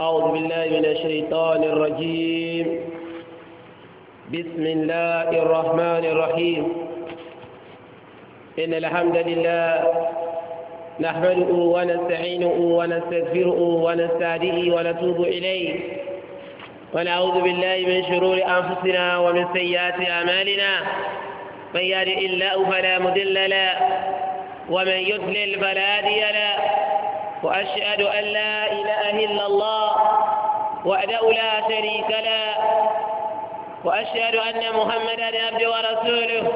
أعوذ بالله من الشيطان الرجيم بسم الله الرحمن الرحيم إن الحمد لله نحمده ونستعينه ونستغفره ونستهديه ونتوب إليه ونعوذ بالله من شرور أنفسنا ومن سيئات أعمالنا من يهده الله فلا مضل له ومن يضلل فلا هادي له وأشهد أن لا إله إلا الله وحده لا شريك له وأشهد أن محمدا عبده ورسوله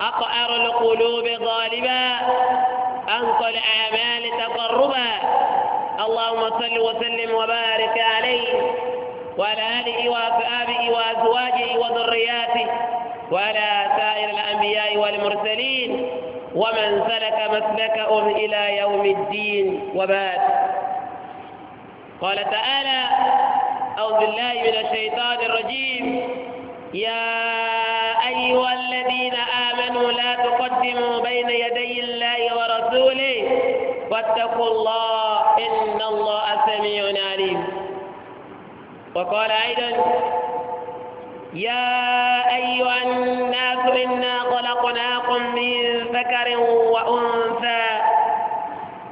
أقعر القلوب ظالما أنقى الأعمال تقربا اللهم صل وسلم وبارك عليه وعلى آله وأصحابه وأزواجه وذرياته وعلى سائر الأنبياء والمرسلين ومن سلك مسلكهم إلى يوم الدين وبات قال تعالى أعوذ بالله من الشيطان الرجيم يا أيها الذين آمنوا لا تقدموا بين يدي الله ورسوله واتقوا الله إن الله سميع عليم وقال أيضا يا أيها الناس إنا خلقناكم من ذكر وأنثى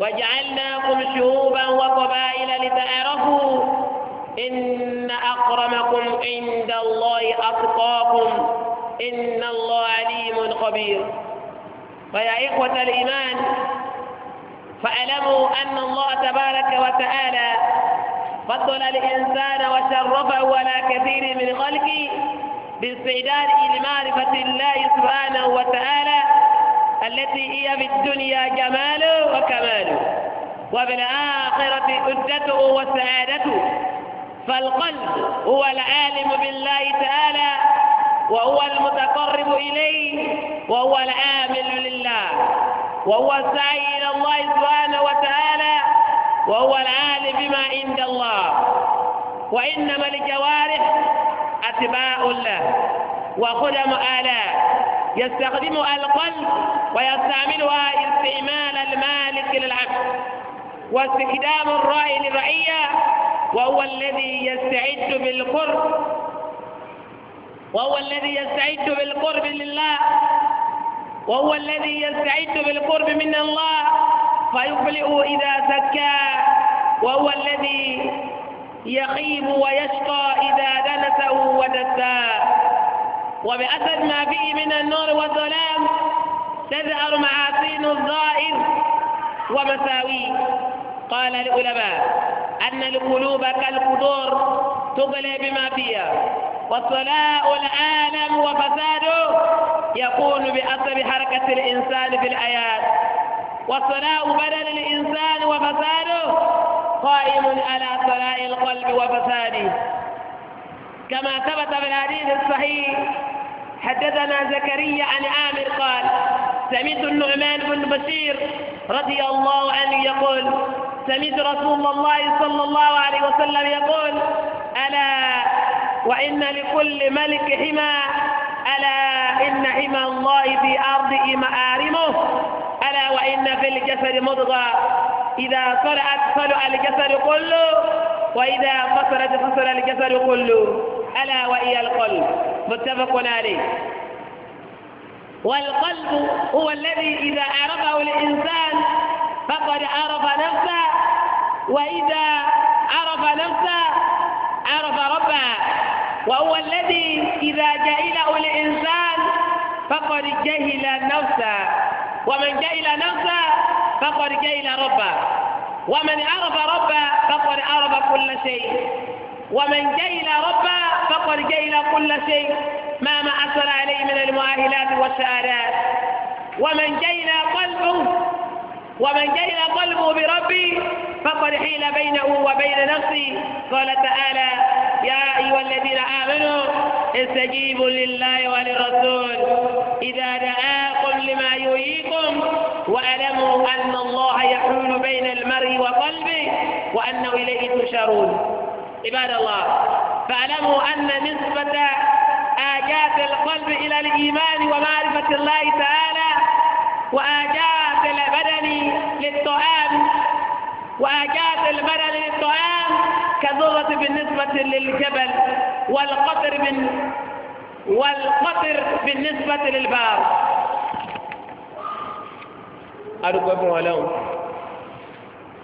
وجعلناكم شعوبا وقبائل لتعرفوا إن أكرمكم عند الله أتقاكم إن الله عليم خبير فيا إخوة الإيمان فاعلموا أن الله تبارك وتعالى فضل الإنسان وشرفه على كثير من خلقه باستعداده لمعرفة الله سبحانه وتعالى التي هي في الدنيا جماله وكماله وفي الآخرة عدته وسعادته فالقلب هو العالم بالله تعالى وهو المتقرب إليه وهو العامل لله وهو السعي إلى الله سبحانه وتعالى وهو العالم بما عند الله وإنما الجوارح أتباع له وخدم آلاء يستخدمها القلب ويستعملها استعمال المالك للعبد واستخدام الرأي للرعية وهو الذي يستعد بالقرب وهو الذي يستعد بالقرب لله وهو الذي يستعد بالقرب من الله فيفلئ إذا زكى وهو الذي يخيب ويشقى إذا دنسه ودساه وبأسد ما فيه من النور والظلام تزهر معاصين الظائر ومساويه قال العلماء أن القلوب كالقدور تبلى بما فيها وصلاء العالم وفساده يكون بأسد حركة الإنسان في الآيات وصلاة بدن الإنسان وفساده قائم على صلاة القلب وفساده كما ثبت في الحديث الصحيح حدثنا زكريا عن عامر قال سمعت النعمان بن بشير رضي الله عنه يقول سمعت رسول الله صلى الله عليه وسلم يقول ألا وإن لكل ملك حمى ألا إن حمى الله في أرضه مآرمه وإن في الجسد مضغة إذا صرعت صلع الجسد كله وإذا فصلت فصل الجسد كله ألا وهي القلب متفق عليه والقلب هو الذي إذا عرفه الإنسان فقد عرف نفسه وإذا عرف نفسه عرف ربه وهو الذي إذا جهله الإنسان فقد جهل نفسه ومن جهل نفسه فقد جهل ربه ومن عرف ربه فقد عرف كل شيء ومن جهل ربه فقد جهل كل شيء ما ما أثر عليه من المؤهلات والشهادات ومن جهل قلبه ومن جهل قلبه بربي فقد حيل بينه وبين نفسه قال تعالى يا أيها الذين آمنوا استجيبوا لله وللرسول إذا دعاكم لما يريكم وألموا أن الله يحول بين المرء وقلبه وأنه إليه تشارون عباد الله فاعلموا أن نسبة آجات القلب إلى الإيمان ومعرفة الله تعالى وآجات البدن للطعام وآجات البدن للطعام كذرة بالنسبة للجبل والقطر من والقصر بالنسبة للباب أرجو ابن ولو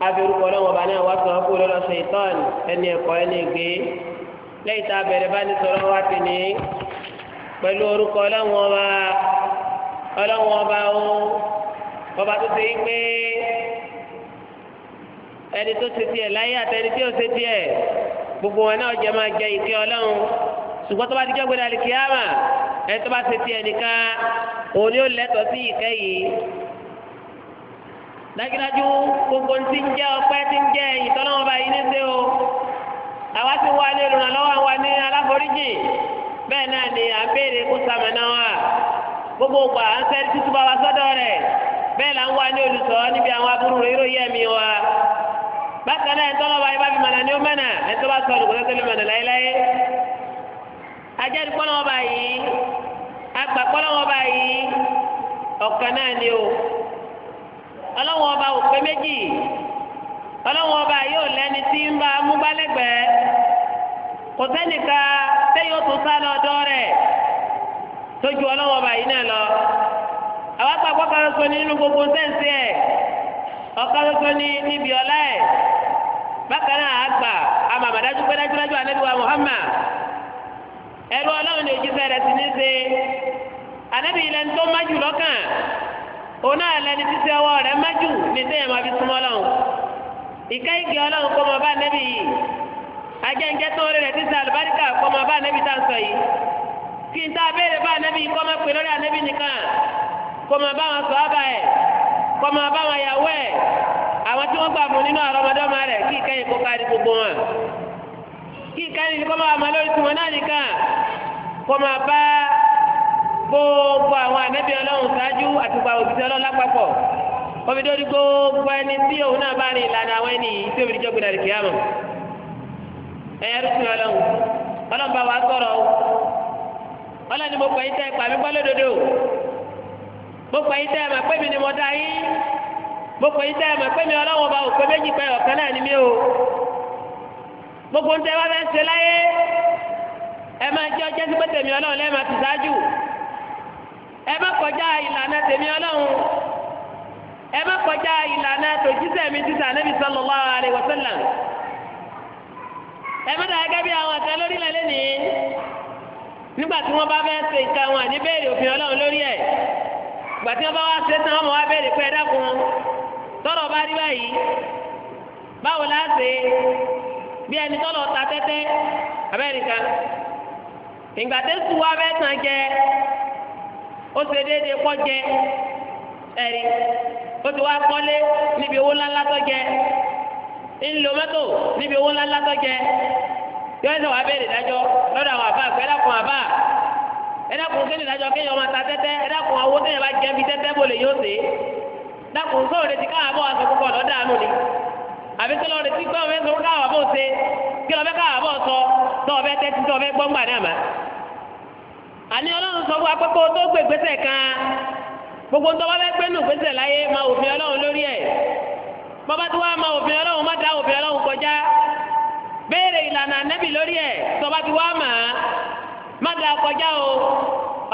أبي رقلا وبنا وصل أقول له شيطان أني قاني جي ليت أبي رباني صلواتني pẹ̀lú orúkọ ọlọ́wọ́n ọba ọlọ́wọ́n ọba o ọba tó ṣe pé ẹni tó ṣe tiẹ̀ láyé àtẹni tí ò ṣe tiẹ̀ gbogbo wọn náà jẹ́ máa jẹ ìkẹ́ ọlọ́run ṣùgbọ́n tó bá ti jẹ́ gbẹ́dẹ́ alikiyama ẹ tó bá ṣe tiẹ̀ nìkan òun ni ó lẹ́tọ̀ọ́ sí ìkẹ́ yìí. dájúdájú gbogbo ti ń jẹ́ ọpẹ́ ti ń jẹ́ ìtọ́lọ́wọ́n bá yín níṣẹ́ o àwa ti wá ní olùrànlọ́wọ́ àwa ní aláforíjì bẹ́ẹ̀ náà ni à ń béèrè kó sàmìnà wa gbogbo ògbà à ń fẹ́ títú bá wa sọ́dọ̀ rẹ̀ bẹ́ẹ̀ là ń wá ní olùsọ níbi àwọn aburú rẹ̀ yóò yẹ mi wa bákan náà ẹ̀tọ́ lọ́wọ́ ayé bá fi mọ̀nà ni ó mọ̀nà ẹ̀tọ́ bá sọ olùkọ́ ajẹ́rìí kọ́lọ́wọ́ báyìí agbà kọ́lọ́wọ́ yìí ọ̀kan náà ni o ọlọ́wọ́n ọba ò pé méjì yóò lẹ́ni tí ń bá amúgbálẹ́gbẹ̀ẹ́ kò sẹ́nìkan sẹ́yìn ó tún sá lọ́dọ́ rẹ̀ tójú ọlọ́wọ́n ọba yìí náà lọ àwọn kan nínú gbogbo sẹ́ǹsì ẹ̀ ní níbi ọlá ẹ̀ bákan náà àgbà pé wa Muhammad. ẹrú ọlọ́run ní òjíṣẹ́ rẹ̀ sì ní ṣe anábì ilẹ̀ ń tó májú lọ́kàn òun náà lẹni títí ọwọ́ rẹ̀ májú ní sẹ́yìn máa fi ọlọ́run ìkẹ́ ọlọ́run kọ́ máa bá yìí ajẹ́njẹ́ tó rẹ̀ títí àlùbáríkà kọ́ tá a béèrè bá anábì kọ́ lórí nìkan sọ ẹ̀ kọ́ wọn yàwó ẹ̀ àwọn tí wọ́n gbà mú nínú àrọ́mọdọ́mọ rẹ̀ kí ìkẹ́yìn kó kárí kí nǹkan ní kọ́ máa ma lórí tiwọn náà nìkan kọ́ máa bá gbogbo àwọn ànábì ọlọ́run ṣáájú àtìgbà òṣìṣẹ́ ọlọ́run lápapọ̀ kọ́mi dórí gbogbo ẹni tí òun náà bá rìn ìlànà àwọn ẹni yìí tí òbí jọ́ gbẹdàdì kìá mọ̀ ẹ̀yà rúṣin ọlọ́run ọlọ́run bá wa sọ̀rọ̀ o ọlọ́run ni mo pẹ̀ yín tẹ́ ẹ̀pà mi gbọ́ lódodo mo pẹ̀ yín tẹ́ ẹ̀mà ni mo dá yín mo pẹ̀ yín gbogbo ń tẹ́ wá fẹ́ ṣe láyé ẹ máa jẹ́ ọjọ́ sí pé tèmi ọlọ́run lẹ́ẹ̀ máa ti ṣáájú ẹ má kọjá ìlànà tèmi ọlọ́run ẹ má kọjá ìlànà tòjíṣẹ́ mi títà Ànábì sallallahu alaihi wasallam ẹ má dà gẹ́gẹ́ bí àwọn àtẹ lórí lẹ́lẹ́ nìyí nígbà tí wọ́n bá fẹ́ ṣe nǹkan wọn àní béèrè òfin ọlọ́run lórí ẹ̀ gbà tí wọ́n bá wá ṣe tán wọ́n wá béèrè pé ẹ dákun tọ́rọ̀ bá rí báyìí báwo la bí ẹni tọ́lọ̀ ta tẹ́tẹ́ abẹ́nìkan ìgbà tẹ́sù wa bẹ́ẹ̀ tán jẹ ó ṣe déédéé kọ́ jẹ ẹ̀rí ó ti wá kọ́lé níbi owó ńláńlá tó jẹ ńlò mọ́tò níbi owó ńláńlá tó jẹ yọ ẹsẹ̀ wàá bẹ̀rẹ̀ dájọ́ lọ́dọ̀ àwọn àbá àgbẹ̀ ẹ̀dàkùn àbá ẹ̀dàkùn kí ni dájọ́ kéèyàn máa ta tẹ́tẹ́ ẹ̀dàkùn àwọn owó tẹ̀yẹ̀ bá jẹ́ bí tẹ́tẹ́ bò lè yóò ṣe ẹ̀dàkùn sóòrè ti káwọn àbọ̀ àṣọ púpọ̀ lọ́dọ̀ àánú ni àbí kí lọ́ọ́ retí gbọ́ ọ̀fẹ́ sọ̀rọ̀ káwà bó ṣe kí lọ́ọ́ fẹ́ káwà bó sọ tọ́ ọ̀fẹ́ tẹ́tí tọ́ ọ̀fẹ́ gbọ́ngbà náà mà. àní ọlọ́run sọ fún akpẹ́kọ̀ tó gbé gbèsè kan gbogbo tó wọ́n fẹ́ gbé nù gbèsè láyé ma òfin ọlọ́run lórí ẹ̀ bàbá tó wá ma òfin ọlọ́run má da òfin ọlọ́run kọjá béèrè ìlànà ànábì lórí ẹ̀ tọ́ba ti wá mà á má da kọjá o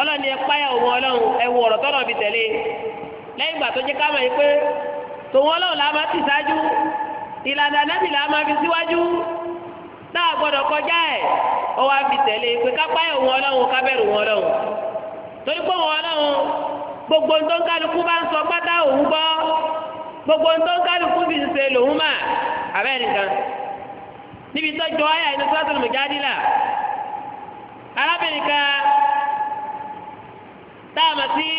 ọlọ́run ẹ páyà òun ọlọ́run ẹ wọ ọ̀rọ̀ tọ́lọ̀ fi tẹ̀lé lẹ́yìn ìgbà tó jẹ́ ká mọ̀ yìí pé tòun ọlọ́run làá má ti ṣáájú ìlànà anábì là máa fi síwájú náà gbọ́dọ̀ kọjá ẹ̀ ọ wá fi tẹ̀lé pé kápáyọ̀ wọn ọlọ́run kábẹ́rù wọn ọlọ́run torí pé wọn ọlọ́run gbogbo ń tó ń kálukú bá ń sọ pátá òun gbọ́ gbogbo ń tó ń kálukú sì ń ṣe lòun mà abẹ́ nìkan níbi tọ́jú ayà inú sọ́tún mùjádìlà arábìnrin kan táàmù sí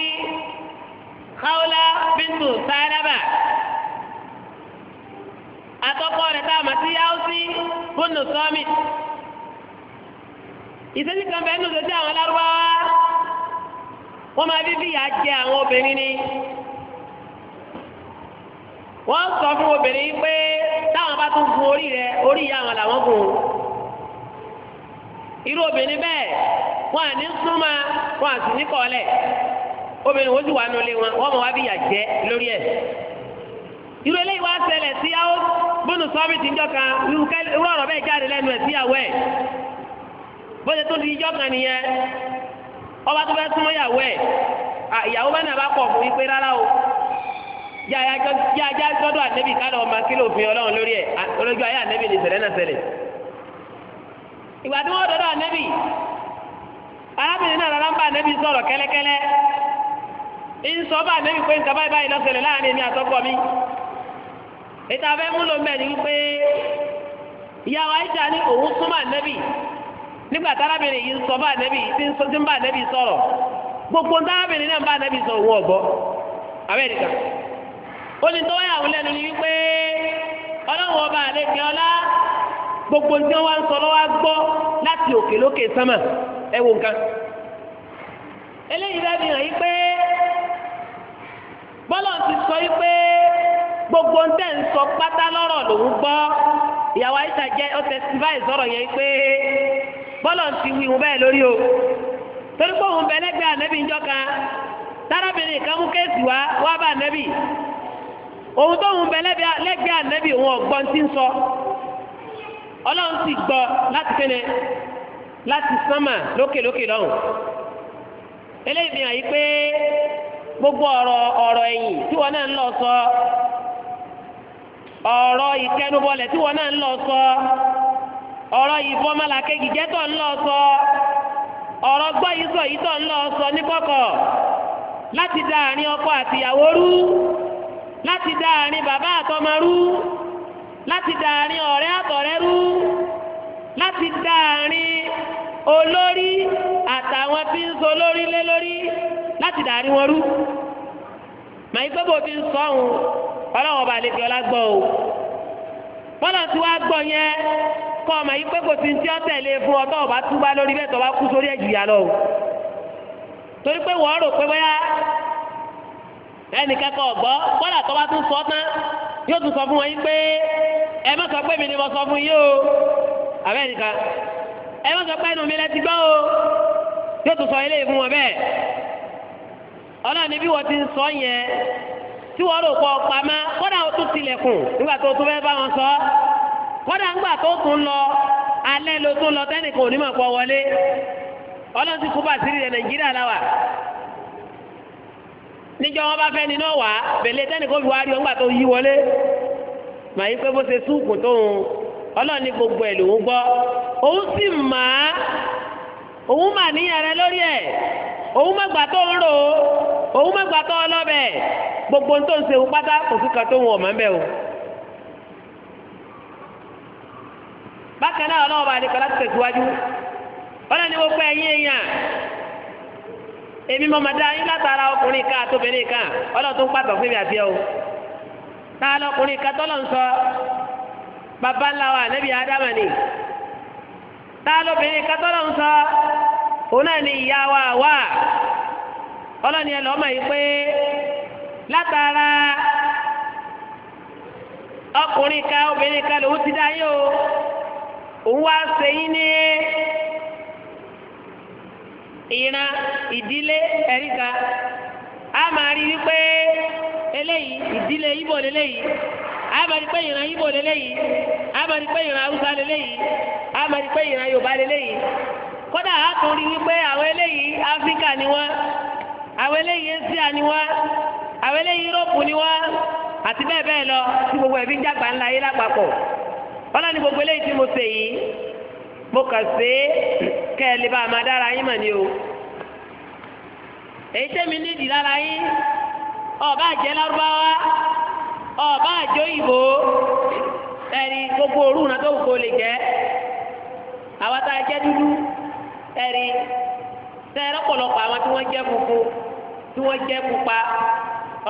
Khawla bíntu Sáyẹ́dábà. àkọ́kọ́ rẹ̀ tá a ya sí Yáúsí bùnú sọ́mì. kan bẹ́ẹ̀ nù sọ àwọn lárúbáwá wọ́n máa fi jẹ àwọn obìnrin ni. wọ́n sọ fún obìnrin pé táwọn bá tún gun orí rẹ̀ orí ìyá àwọn làwọn gùn. irú obìnrin bẹ́ẹ̀ wọ́n à ní súnmọ́ wọ́n à sì ní kọ́lẹ̀ obìnrin wo sì wà wọn wọ́n bónú sọ́ọ́bìtì ńjọ́ kan irú ọ̀rọ̀ bẹ́ẹ̀ jáde lẹ́nu ẹ̀ síyàwó ẹ̀ bó ṣe tó di ijọ́ kan nìyẹn ọba tó fẹ́ súnmọ́ ìyàwó ẹ̀ ìyàwó bá náà kọ̀ o ànẹ́bì ká lọ́ọ́ máa kílò ọlọ́run lórí ẹ̀ ayé ànẹ́bì ní náà ìgbà tí wọ́n dọ́dọ̀ ànẹ́bì arábìnrin náà rárá ń bá ànẹ́bì sọ̀rọ̀ kẹ́lẹ́kẹ́lẹ́ ń sọ bá ànẹ́bì pé nǹkan báyìí báyìí ló láàrin èmi ètò abẹ́ múlò mbẹ́ ni wípé ìyàwó àyíṣà ní òun súnmọ́ ànẹ́bì nígbà tárábìnrin yìí ń sọ bá tí ń sọ tí ń bá ànẹ́bì sọ̀rọ̀ gbogbo tárábìnrin náà ń bá ànẹ́bì sọ òun ọ̀gbọ́ Amẹ́ríkà ó ní tó wáyà ni wípé ọlọ́run ọba àlejò gbogbo tí wọ́n wá ń sọ lọ́wọ́ gbọ́ láti òkè lókè sánmà ẹ nǹkan eléyìí fi hàn yí sọ yí gbogbo ń tẹ̀ pátá lọ́rọ̀ lòún gbọ ìyàwó àyíṣà jẹ ọ̀sẹ̀ síbáì sọ̀rọ̀ yẹn pé bọ́lọ̀ ti wí o torí pé òun bẹ̀lẹ́gbẹ̀ ànẹ́bí ń kan mú wá wá bá òun tó òun òun ń sọ láti láti sánmà lókèlókè eléyìí fi hàn yí gbogbo tí wọn náà ń ọ̀rọ̀ ìkẹnubọlẹ̀ tí wọn náà ń lọ sọ ọ̀rọ̀ ìfọmọlàkejì jẹ́ tó ń lọ sọ ọ̀rọ̀ gbọ́ yìí tó ń lọ ọkọ àtìyàwó rú láti dá àárín bàbá àtọmọ rú láti dá àárín ọ̀rẹ́ àtọ̀rẹ́ rú láti dá àárín olórí àtàwọn so wọn rú màá yí pé ti ń ọlọ́wọ́n bá lè fi ọlá gbọ́ o bọ́lá tí wàá gbọ́ yẹn kọ́ ọmọ yìí pé kò sí ti ọ̀tẹ̀ lé e fún ọ tọ́wọ́ bá túbá lórí bẹ́ẹ̀ tọ́wọ́ kú sórí ẹ̀jìyà lọ o torí pé wọ́n rò pé bóyá ẹnìkan kọ̀ gbọ́ bọ́lá tọ́wọ́ tún sọ tán yóò tún sọ fún wọn yìí pé ẹ má sọ pé mi ni mo sọ fún yìí o àbẹ́ nìkan ẹ má sọ pé ẹnu mi lẹ ti gbọ́ o yóò tún sọ eléyìí fún wọn bẹ́ẹ̀ ọlọ́run níbí wọ́n ti ń sọ yẹn tí wọ́n rò pọ̀ kọ́dà ó tún tilẹ̀kùn nígbà tó tún bá wọn sọ kọ́dà ńgbà tó tún lọ alẹ́ ló tún lọ tẹ́nìkan onímọ̀ pọ̀ wọlé ọlọ́run ti kú bàtírí rẹ̀ nàìjíríà láwà wọn bá fẹ́ bẹ̀lẹ́ tẹ́nìkan wọlé màá yí pé bó ṣe súùkù ọlọ́run ní gbogbo ẹ̀ lòún gbọ́ òun sì mà á gbogbo tó ń wò pátá kò sí kan tó ń wọ̀ o. bákan náà ọlọ́wọ́ bá nípa láti tẹ̀síwájú ọlọ́run ni wọ́n pẹ́ ẹ̀yìn èèyàn èmi mọ̀ máa dá yín látara ọkùnrin kan àtòbìnrin kan ọlọ́run tó ń pàtó fún mi àti ẹ o. tá a lọkùnrin kan tọ́lọ̀ ń sọ bàbá ńlá wa ànábì ádámà ni tá a lọbìnrin kan tọ́lọ̀ ń sọ òun náà ni ìyá wa wà ọlọ́ni ẹ lọ́ọ́ mọ̀ yìí pé látara ọkùnrin kan obìnrin kan lòún ti dá yín òun wá ṣe yín ní ìran ìdílé a máa rí wípé eléyìí ìdílé ibo a máa rí pé ìran a máa rí pé ìran haúsá a máa rí pé ìran yorùbá lélẹ́yìí kódà a tún rí wípé àwọn eléyìí áfíríkà ni àwọn àwọn eléyìí yúróòpù ni wá àti bẹ́ẹ̀ bẹ́ẹ̀ lọ tí gbogbo ẹ̀bí ń jàgbá ńlá yé lápapọ̀ wọn ni gbogbo eléyìí tí mo ṣe yìí mo kàn sí kẹ́ ẹ lè bá a máa dára yín mọ̀ ni o èyí tẹ́mi nídìí lára yín ọba àjẹ́ lárúbáwá ọba àjọ ìbò ẹ̀rí gbogbo òru náà tó kò lè jẹ́ àwọn tá a jẹ́ dúdú ẹ̀rí tẹ́ ẹ̀rọ pọ̀lọpọ̀ àwọn tí wọ́n jẹ́ funfun tí wọ́n jẹ́ pupa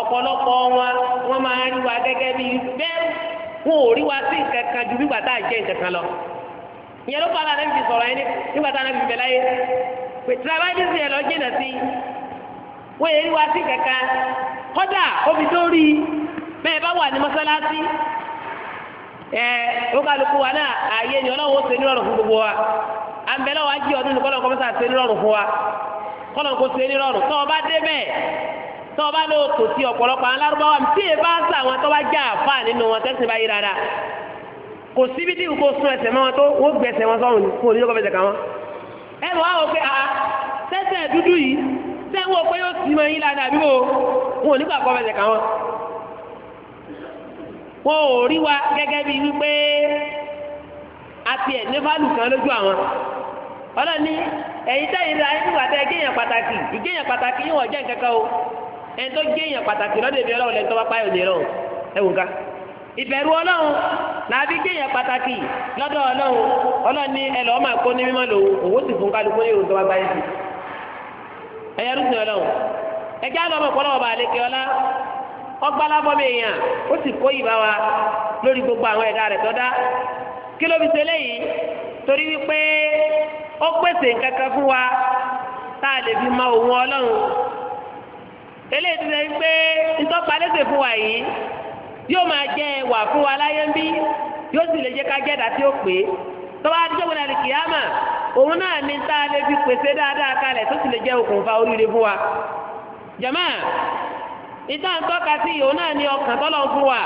ọ̀pọ̀lọpọ̀ wọn wọ́n máa rí wa gẹ́gẹ́ bí bẹ́ẹ̀ wọn ò rí wa sí nǹkan kan ju nígbà tá à jẹ́ nǹkan lọ. ìyẹn ló fara fi sọ̀rọ̀ yẹn nígbà tá fi bẹ̀ láyé pètè abájú sí ẹ lọ jìnà sí wọ́n yẹ rí wa sí nǹkan kọ́dà omi tó rí bẹ́ẹ̀ bá wà ní mọ́sálásí wa náà ààyè ni ọlọ́wọ́ ṣe fún gbogbo wa jí ọdún ní tọ́ bá lọ kò sí ọ̀pọ̀lọpọ̀ àwọn alárúbáwá tí èyí bá sà wọn tọ́ bá jẹ́ àfa nínú wọn tẹ́sí bá yí dáadáa kò síbi tí kò sun ẹsẹ̀ mọ́ wọn tó wọ́n gbẹ̀sẹ̀ wọn sọ́run kò ní lọ́kọ̀ fẹsẹ̀ kà wọ́n. ẹ mọ̀ àwọn pé àá ah, tẹ́sẹ̀ dúdú yìí sẹ́wọ́n pé yóò sì mọ yín dáadáa bí wọ́n wọn ò ní gbàgbọ́ fẹsẹ̀ kà wọ́n. wọn ò rí wa gẹ́gẹ́ bíi wípé a tiẹ̀ ní fálù kan lójú àwọn ọlọ́ni ẹ̀yin tẹ́yìn ra ẹ̀yin nígbà tẹ́ ìkéyàn pàtàkì ìkéyàn pàtàkì yóò wọ́n jẹ́ nǹkan kan o ẹni tó gé pataki pàtàkì lọ́dọ̀ ìbí ọlọ́run lẹ́ni bá páyọ̀ nìyẹn lọ́run ẹ wò ká ìbẹ̀rù pàtàkì lọ́dọ̀ ọlọ́run ọlọ́run ní ẹ lọ́ọ́ máa ní mímọ́ lòun òwò sì fún kálukú bá sí ọmọ gbogbo àwọn kí ló fi ṣe léyìí torí wípé ó pèsè fún eléyìí ti sẹ́yìn pé ntọ́pa lẹ́sẹ̀ fún wa yìí yóò máa jẹ́ wà fún wa láyé ń bí yóò sì lè jẹ́ ká jẹ́ dàtí ó pé tọ́ba kìyàmà òun náà ní a lè fi pèsè dáadáa kalẹ̀ tó sì lè jẹ́ okùnfà oríire fún wa. jàmá ìta tọ́ka sí òun náà ní ọkàn tọ́lọ̀ fún wa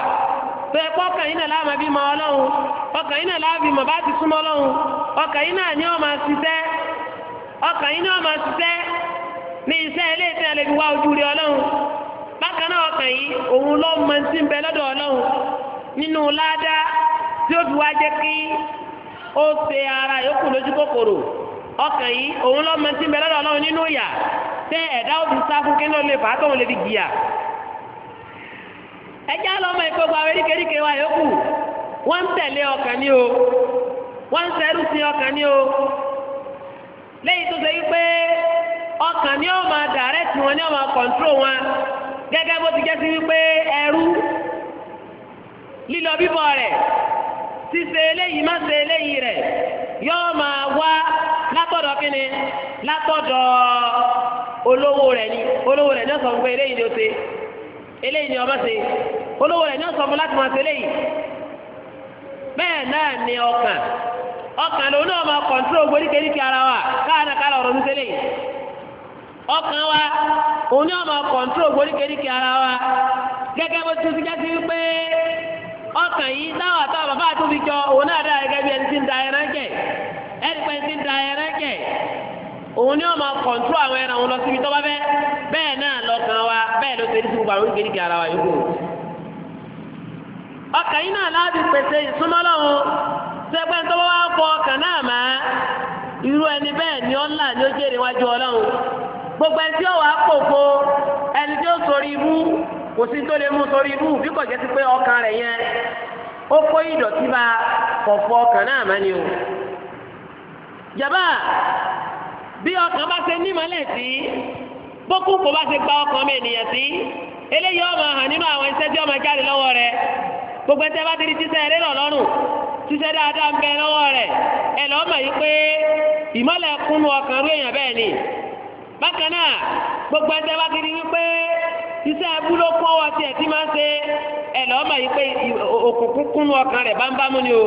ọkàn yìí náà mọ ọlọ́run ọkàn yìí náà láàbí bá ti súnmọ́ ọlọ́run ọkàn yìí náà ní ó ọkàn yìí ní iṣẹ́ ilé iṣẹ́ lè fi wá ojú rí ọlọ́run bákan náà ọkàn yìí òun ló mọ sí bẹ lọ́dọ̀ ọlọ́run nínú ládàá tí ó fi wá ara yòókù lójú kòkòrò ọkàn yìí òun ló mọ sí bẹ lọ́dọ̀ ọlọ́run nínú ìyà tẹ ẹ̀dá ó sá fún kí lè fà á tóun lè fi jìyà ẹjẹ́ wa yòókù wọ́n ń tẹ̀lé ọkàn o wọ́n ń sẹ́rù sí ọkàn o tó ṣe ọkàn ni ọ máa direct wọn ni ó máa control wọn gẹ́gẹ́ bó ti jẹ́ sí wípé ẹrú lílọ bíbọ̀ rẹ̀ ṣíṣe eléyìí má ṣe eléyìí rẹ̀ yọ máa wá látọ̀dọ̀ kíni látọ̀dọ̀ olówó rẹ̀ ni olówó rẹ̀ ni eléyìí ni ó ṣe eléyìí ni ṣe olówó rẹ̀ ni fún láti máa ṣe eléyìí bẹ́ẹ̀ náà ni ọkàn ọkàn lòun náà máa ara wa káàdà ọ̀rọ̀ ọkàn wa òun ni ọmọ ara wa gẹ́gẹ́ bó ti sí wípé ọkàn yìí táwọn àtàwọn bàbá àtúbi jọ òun náà dára gẹ́gẹ́ bí ẹni tí ń da ẹran jẹ ẹni pẹ́ ti ń da ẹran jẹ òun ni ọmọ àwọn ẹran òun lọ bẹ́ẹ̀ náà lọ́kàn wa bẹ́ẹ̀ ló ọkàn yìí náà láti pèsè ìsúnmọ́lọ́hún òfo ẹni tí ó sọrí ibú kò sí tó lè mú sọrí ibú bí kò jẹ́ sí pé ọkàn rẹ̀ yẹn ó kó ìdọ̀tí bá fọ̀fọ̀ ọkàn náà má ni o. Yaba bí ọkàn bá ṣe ní ìmọ̀lẹ̀ sí bókú kò bá ṣe gba ọkàn mi ènìyàn sí eléyìí ọmọ hàn nínú àwọn iṣẹ́ tí ọmọ jáde lọ́wọ́ gbogbo bá ti di sísẹ lọ lọ́rùn sísẹ dáadáa ń bẹ lọ́wọ́ ni gbogbo ẹ̀ńtẹ́ bá ti wípé iṣẹ́ ẹbú ló kún ọwọ́ máa ń ṣe ẹ̀ lọ́ọ́ mọ̀ yìí pé òkùnkùn kún ọkàn rẹ̀ bámbámú ni o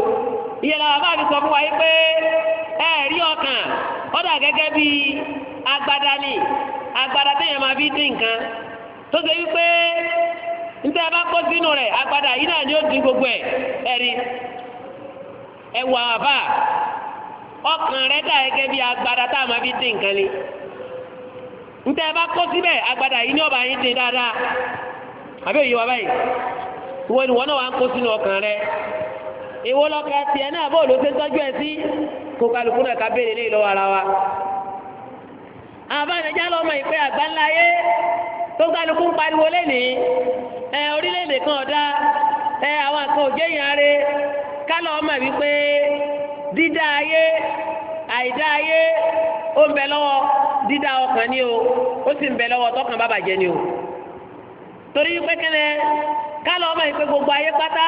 ìyẹn làwọn mi sọ fún wa yìí agbada ni agbada téèyàn máa fi dín nǹkan tó ṣe wípé níta bá kó sínú agbada yìí náà ni ó dín gbogbo ẹ ọkàn agbada máa fi dín ntẹ ẹ bá kó síbẹ̀ agbada yìí ní ọba yín ti dáadáa wa báyìí ìwọ ni wọn náà wà ń kó sínú ọkàn rẹ ìwọ lọkọ tiẹ náà bó ló ṣe ẹ sí kó kálukú náà ká béèrè ara wa. ìpè tó kálukú ń pariwo lẹ́nìí ẹ orílẹ̀-èdè kan ọ̀dá ẹ àwọn kan òjé yẹn rẹ kálọ̀ ọmọ wípé dídá ayé ó ń bẹ lọ́wọ́ dídá ọkàn ni o ó sì ń bẹ lọ́wọ́ tọkàn ni o torí pẹ́kẹ́lẹ́ kálọ̀ ọmọ ìpè gbogbo ayé pátá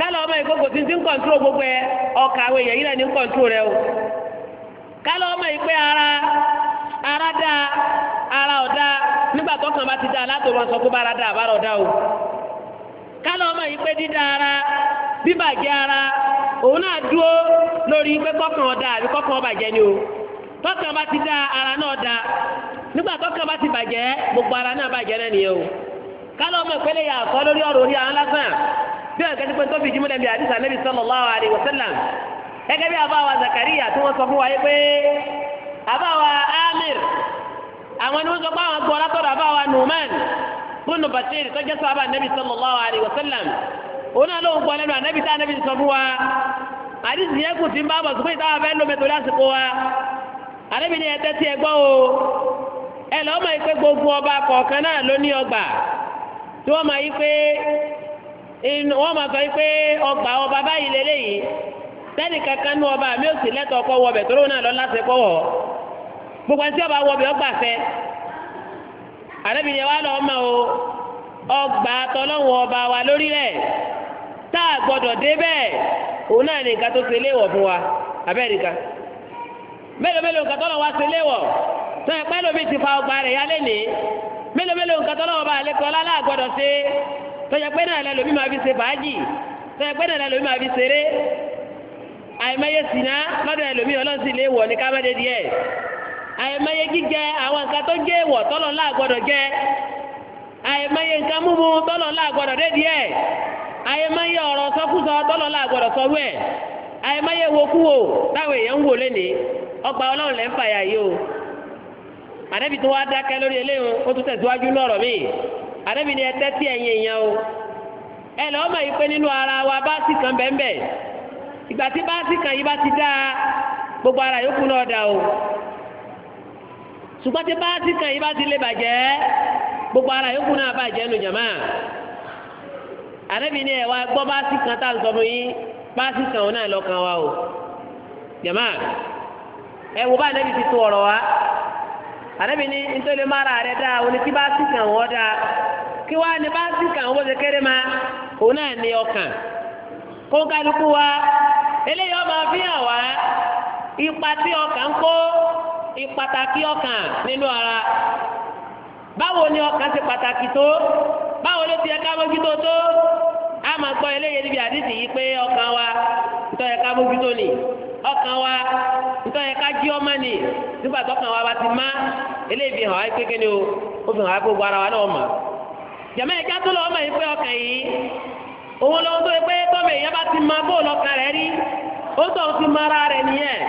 kálọ̀ ọmọ ọma kò sí ti ń gbogbo ẹ ọkà àwọn èèyàn yìí o kálọ̀ ọmọ ìpè ara ara dá ara ọ̀dá nígbà tọkàn bá ti dá wọn sọ pé dá ọ̀dá o kálọ̀ ọmọ dídá ara bíbàjẹ́ ara òun náà dúró lórí pé kọ́kàn ọ̀dá àbí kọ́kàn ọ̀bàjẹ́ ni o. tọ́kàn bá ti da ara náà da nígbà tọ́kàn bá ti bàjẹ́ gbogbo ara náà bàjẹ́ náà nìyẹn o kálọ̀ ọmọ ìpínlẹ̀ yà kọ́ lórí ọ̀rọ̀ orí àwọn lásán bí wọn kẹ́sí pé tó fi jí múlẹ̀ bí àdìsá Nabi sallallahu alaihi wasallam gẹ́gẹ́ bí àbáwa Zakariya tí wọ́n sọ fún wa yé pé àbáwa Amir àwọn ni wọ́n sọ pé àwọn gbọ́ látọ̀dọ̀ àbáwa Numan bunu Bashir tó jẹ́ sábà Nabi sallallahu alaihi wasallam òun náà ló ń gbọ́ lẹ́nu ànábì tá ànábì sọ fún wa àdìsí yẹn kù ti ń bá bọ̀ sùpé ìtawà fẹ́ lómi torí àsìkò wa arábìnrin ẹ̀tẹ́ tí ẹ gbọ́ o ẹ lọ́ mọ̀ pé gbogbo ọba kọ̀ọ̀kan náà ló ní ọgbà tí wọ́n yí pé wọ́n sọ pé ọgbà ọba báyìí lélẹ́yìí sẹ́ni kankan ní ọba mi ò sì lẹ́tọ̀ ọkọ wọbẹ̀ tó lóun náà lọ láti ẹ̀kọ́ wọ̀ gbogbo ẹni ọba wọbẹ̀ ọgbà fẹ́ wa lọ́ o ọgbà tọ́lọ́hún ọba wa lórí rẹ̀ tá a gbọ́dọ̀ dé bẹ́ẹ̀ òun náà ní nǹkan tó mélòó mélòó nǹkan tọ́lọ̀ wá sí léwọ̀ tó ẹ̀ pẹ́lú mi ti fa ọgbà rẹ̀ yálé ní mélòó mélòó nǹkan tọ́lọ̀ wọ́n bá àlékọ́ lálá àgbọ̀dọ̀ ṣe tó yẹ pé náà lẹ́lòmí máa fi ṣe fàájì tó yẹ pé náà lẹ́lòmí máa fi ṣeré àìmọye sìnà lọ́dọ̀ ẹlòmí ọlọ́sì léwọ̀ ní kámẹ́dé díẹ̀ àìmọye jíjẹ àwọn nǹkan tó jẹ́ èèwọ̀ tọ́lọ̀ ńlá àgbọ̀dọ̀ jẹ àìmọye nǹkan múmu tọ́lọ̀ ńlá àgbọ̀dọ̀ dé díẹ̀ àìmọye ọ̀rọ̀ sọkúsọ tọ́lọ̀ ńlá àgbọ̀dọ̀ sọ wẹ̀ àìmọye wokuwo táwọn èèyàn ń wò lénìí ọgbà ọlọ́run lẹ́ ń fàyà yìí o ànábì tó wá dákẹ́ lórí eléyìí ó tún tẹ̀síwájú lọ́rọ̀ mi ànábì ni ẹ tẹ́tí ẹ̀yìn èèyàn o ẹ lọ́ mọ̀ yìí pé nínú ara wa báàsì kan bẹ́ẹ̀ ìgbà tí báàsì kan yìí bá ti dáa gbogbo ara yòókù náà dà o ṣùgbọ́n tí báàsì kan yìí bá ti lè bàjẹ́ gbogbo ara yòókù náà bàjẹ́ nù jàmá ànábì ni ẹ gbọ́ báàsì kan tá à sọ fún yín báàsì kan òun náà lọ́kàn wa o jàmá. ẹ wo bá anabi ti tó ọ̀rọ̀ wa anabi ní ntọ́lẹ̀ mara rẹ dáa onye ti bá sì kàn wọ́n dáa kí wá ní bá sì kàn wọ́n kéré ma òun náà ní ọkàn kó kálukú wa eléyìí ọba fi hàn wá ipa tí ọkàn kó ọkàn nínú ara báwo ni ọkàn ti pataki tó báwo ló ti yẹ ká tó a máa gbọ́ eléyìí níbi àdìsí yìí pé ọkàn wa yẹ ọkàn wa nítorí ká ka ọmọ ni nígbà tó kàn wa bá ti má eléyìí hàn o ó fi hàn gbogbo ara wa náà ọkàn yìí òun tó yẹ pé ti ma bóòlù ọkàn rẹ̀ rí ó tọ̀ ti ma ara rẹ̀ nìyẹn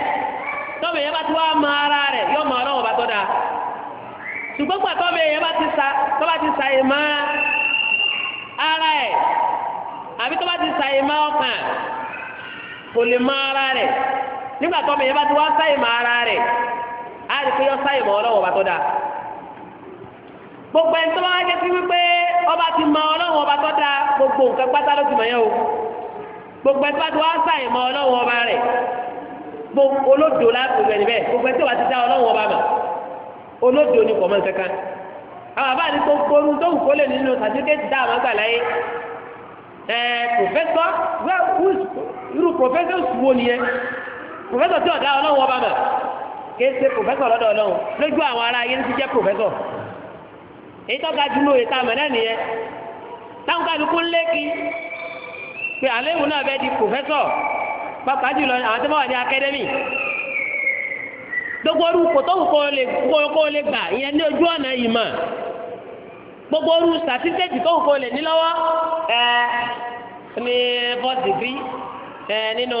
tọ́mọ èèyàn bá ti wá ma ara rẹ̀ yọ ma ọlọ́wọ́ bá tọ́ da ṣùgbọ́n pà ti sa tọ́ kò lè mọ ara rẹ̀ nígbà tó ọmọ yẹn bá ti wá mọ ara rẹ á rí i yọ mọ ọlọ́wọ́ bá tó dáa gbogbo ẹni tó bá wá ọba ti mọ ọlọ́wọ́ ọba tó dáa gbogbo nǹkan pátá ló ti yẹn o gbogbo ẹni tó bá ti wá mọ ọlọ́wọ́ ọba rẹ̀ olódò láti ẹni bẹ́ẹ̀ gbogbo ẹni tó bá ti dá ọlọ́wọ́ ọba mọ̀ olódò ni nǹkan kan àwọn ni kó ẹ pòfẹsọ wẹ irú pòfẹsọ wo nìyẹn pòfẹsọ tí ọ̀dà ọlọ́run ọba mọ̀ kì í ṣe pòfẹsọ lọ́dọ̀ ọlọ́run lójú àwọn ará yẹn ti jẹ́ pòfẹsọ èyí tó ga jùlọ èyí tá a mọ̀ náà nìyẹn táwọn kálukú ń lékì pé àléwò náà bẹ́ẹ̀ di pòfẹsọ pàápàá jùlọ àwọn tó bá wà ní akadẹ́mì gbogbo orú kòtòwù kó lè gbà ìyẹn ní ojú ọ̀nà gbogbo orú kó lè ní lọ́wọ́ ẹ ní bọ́ọ̀sì bí ẹ nínú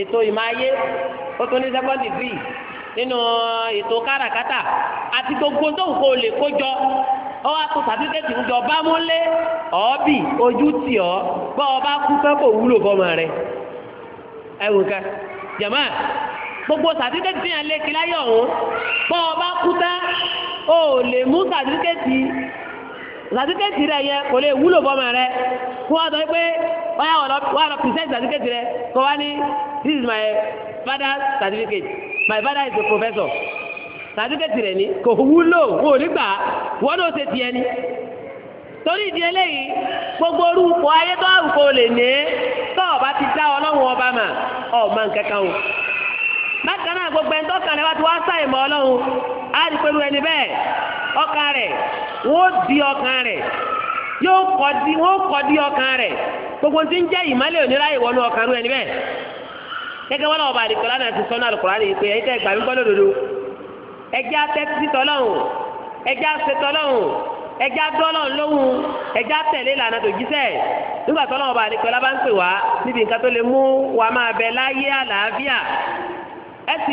ètò ìmáyé ó tún ní sẹ́kọ́ndì bí nínú ètò káràkátà àti gbogbo tó nǹkan ò lè kó jọ ọ wá kó sàtífẹ́tì ń jọ bá múlé ọ̀ọ́bì ojú tì ọ́ bọ́ ọ bá kú fẹ́ kò wúlò fọmọ rẹ ẹ wò ká jàmá gbogbo sàtífẹ́tì yẹn lé kíláyọ̀ ọ̀hún bọ́ ọ bá kú tán ó lè mú sàtífẹ́tì sàtífẹ́tì rẹ yẹ kò lè wúlò fọmọ rẹ fún ọtọ pé wáyà wà lọ pìsẹ́ntì sàtífẹ́tì rẹ kò wá ní this is my father. certificate my father is a professor sàtífẹ́tì rẹ ni kò wúlò wọn ní gbà wọn náà ṣe tiẹ̀ ni torí ìdí eléyìí gbogbo orúkọ ayé tó àwùkọ lè ní tó ọba ti dá ọlọ́run ọba mà ọ̀ máa ń kẹ́kọ̀ọ́ bákan náà gbogbo ẹni tó kàn lẹ́wọ́ tí wọ́n á sáyẹ̀mọ́ ọlọ́run. ha rí ẹni bẹ́ẹ̀ ọkàn rẹ̀ wọ́n di ọkàn rẹ yóò kọ di di ọkàn rẹ gbogbo ti ń jẹ́ ìmọ̀lẹ̀ onira wọnú ọkàn rú ẹni bẹ́ẹ̀ gẹ́gẹ́ wọn lọ́wọ́ bá àdìgbò lánàá ti sọ́nà àlùkò láti pé ẹ̀yin dodo lànà tó nígbà bá àdìgbò lábá ń pè wá níbi nǹkan tó lè mú máa bẹ láyé àlàáfíà ẹ sì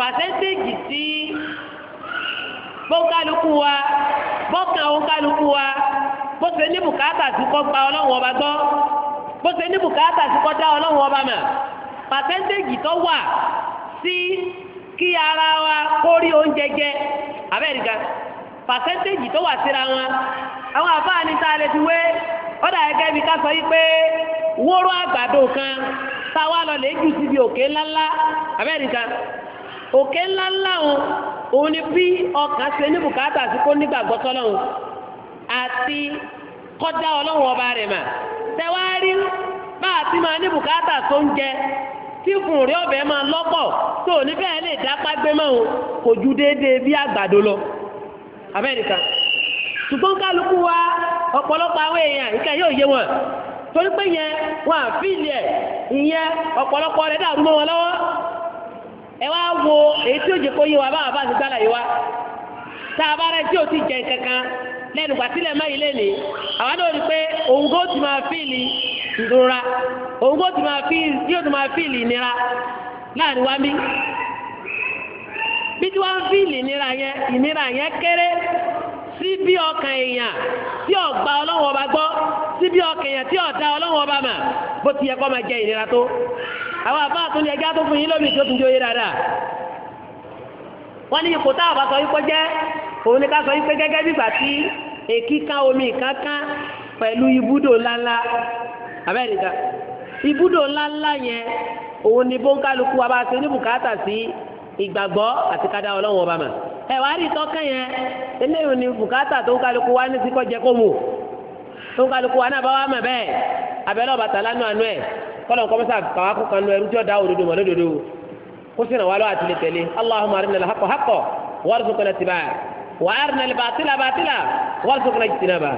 pàṣẹ́ntéèjì tí bọ́ńkálukú wa bọ́ǹkà òǹkálukú wa bó ṣe ní bùkátà gba ọlọ́run ọba gbọ́ wà sí kí ara wa kó rí oúnjẹ jẹ abẹ́rẹ́ pàṣẹ́ntéèjì tó wà síra wọn àwọn àfáàní tá a lè fi wé ọ̀dà ká sọ òkè ńlá ńlá òun òun ni bí ọkàn ṣe ní bùkátà sí kó nígbàgbọ́ sọ́lọ́run àti kọjá ọlọ́run ọba rẹ̀ mà tẹ́wárí bá a ti máa ní bùkátà tó ń jẹ tí fún rí ọbẹ̀ máa lọ́pọ̀ tó ní bẹ́ẹ̀ lè dápá gbé mọ́ kò ju déédéé bí àgbàdo lọ Amẹ́ríkà ṣùgbọ́n kálukú wa ọ̀pọ̀lọpọ̀ ẹ wá wo èyí tí ó jẹ kó yé wa báwa bá ti gbá láyé wa tá a bá rẹ o ti jẹ kankan lẹ́nu gbàtílẹ̀ má yìí lẹ́nu awa náà rí i pé òun kò ti máa fíìlì ìdúrà òun kò ti máa fíìlì yóò wa mi bí tí wọ́n fíìlì ìnira yẹn ìnira yẹn kéré sí bí ọkàn èèyàn tí ọgbà ọlọ́wọ́ ọba gbọ́ sí bí ọkàn èèyàn tí ọ̀dà ọlọ́wọ́ ọba mà bó ti yẹ kó máa jẹ ìnira tó àwọn àbá àtúndì ẹjẹ àtúntò yín lómi tó tún jó dáadáa wọn ní ipò tá a bá sọ yín kọjá òun ni ká sọ yín pé gẹ́gẹ́ bí ìgbà tí èkì kan omi kankan pẹ̀lú ibùdó ńláńlá abẹ́rẹ́ta ibùdó ńláńlá yẹn òun ni bóńkálukú wa bá ti ní bùkátà sí ìgbàgbọ́ àti kádà ọlọ́run ọba mà ẹ wàá rí tọ́kàn yẹn eléyìí ni bùkátà tó ń kálukú wa ní ti kọjẹ kó mu tó ń kálukú wa náà bá wà mà bẹ́ẹ̀ abẹ́rẹ́ ọ̀bàtà lánàá nù ẹ̀ kọ́lọ̀ nǹkan mẹ́sà bàwá kó kan lu ẹrú tí ó dá òdodo mọ̀ lódodo kó sì ràn wá lọ́wọ́ àti lè tẹ̀lé Allahumma arina al-haqqa haqqan warzuqna ittiba'a wa arina al-batila batila warzuqna ijtinaba.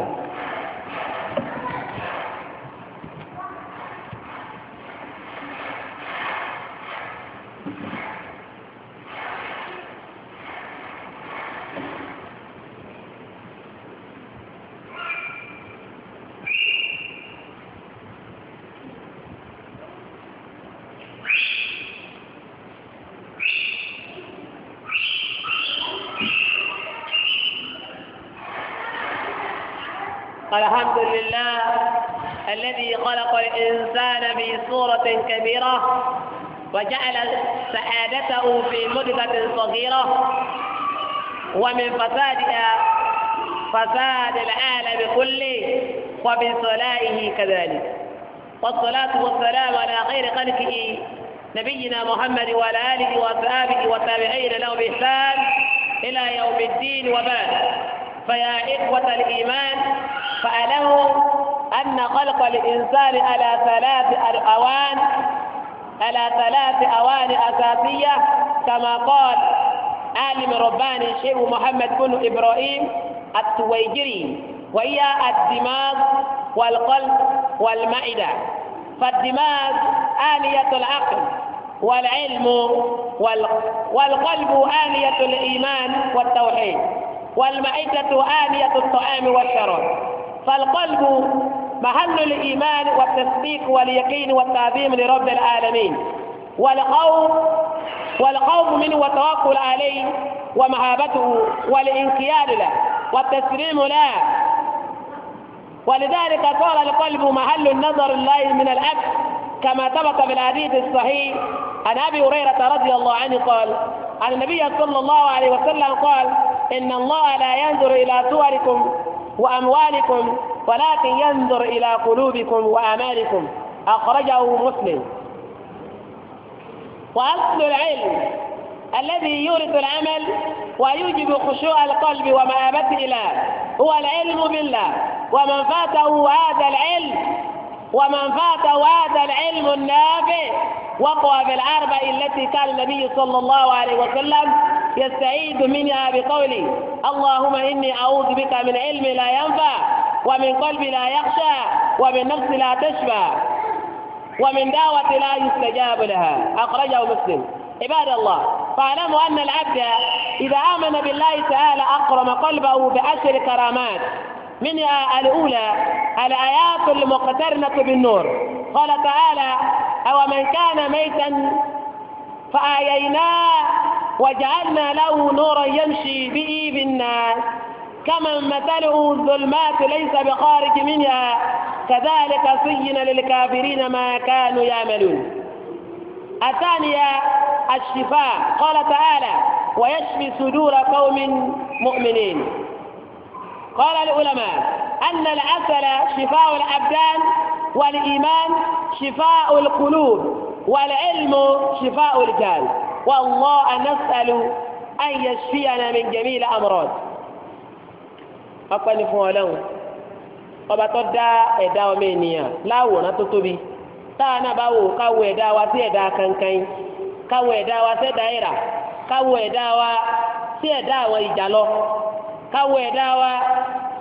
ومن فسادها فساد العالم كله وبصلائه كذلك والصلاة والسلام على خير خلقه نبينا محمد وعلى آله وأصحابه والتابعين له بإحسان إلى يوم الدين وبعد فيا إخوة الإيمان فأله أن خلق الإنسان على ثلاث أوان على ثلاث أوان أساسية كما قال آلم رباني شيخ محمد بن إبراهيم التويجري وهي الدماغ والقلب والمعدة فالدماغ آلية العقل والعلم والقلب آلية الإيمان والتوحيد والمعدة آلية الطعام والشراب فالقلب محل الإيمان والتصديق واليقين والتعظيم لرب العالمين والخوف والخوف منه والتوكل عليه ومهابته والانقياد له والتسليم له ولذلك صار القلب محل النظر الله من الأب كما ثبت في الحديث الصحيح عن أبي هريرة رضي الله عنه قال عن النبي صلى الله عليه وسلم قال إن الله لا ينظر إلى صوركم وأموالكم ولكن ينظر إلى قلوبكم وأعمالكم أخرجه مسلم وأصل العلم الذي يورث العمل ويوجب خشوع القلب ومآبة إله هو العلم بالله ومن فاته هذا العلم ومن فاته هذا العلم النافع وقع بالأربع التي كان النبي صلى الله عليه وسلم يستعيد منها بقوله اللهم إني أعوذ بك من علم لا ينفع ومن قلب لا يخشى ومن نفس لا تشفى ومن دعوة لا يستجاب لها أخرجه مسلم عباد الله فاعلموا أن العبد إذا آمن بالله تعالى أكرم قلبه بعشر كرامات منها الأولى الآيات المقترنة بالنور قال تعالى أو من كان ميتا فآييناه وجعلنا له نورا يمشي به بالناس كمن مثله الظلمات ليس بخارج منها كذلك زين للكافرين ما كانوا يعملون الثانية الشفاء قال تعالى ويشفي صدور قوم مؤمنين قال العلماء أن العسل شفاء الأبدان والإيمان شفاء القلوب والعلم شفاء الجال والله نسأل أن يشفينا من جميل أمراض أقول فوالون ọba tó dá ẹ̀dá ọmọ ènìyàn láwòrán tó tóbi táwa náà bá wò káwo ẹ̀dá wa sí ẹ̀dá kankan káwo ẹ̀dá wa sẹ́dá ẹ̀rà káwo ẹ̀dá wa sí ẹ̀dá àwọn ìjàlọ káwo ẹ̀dá wa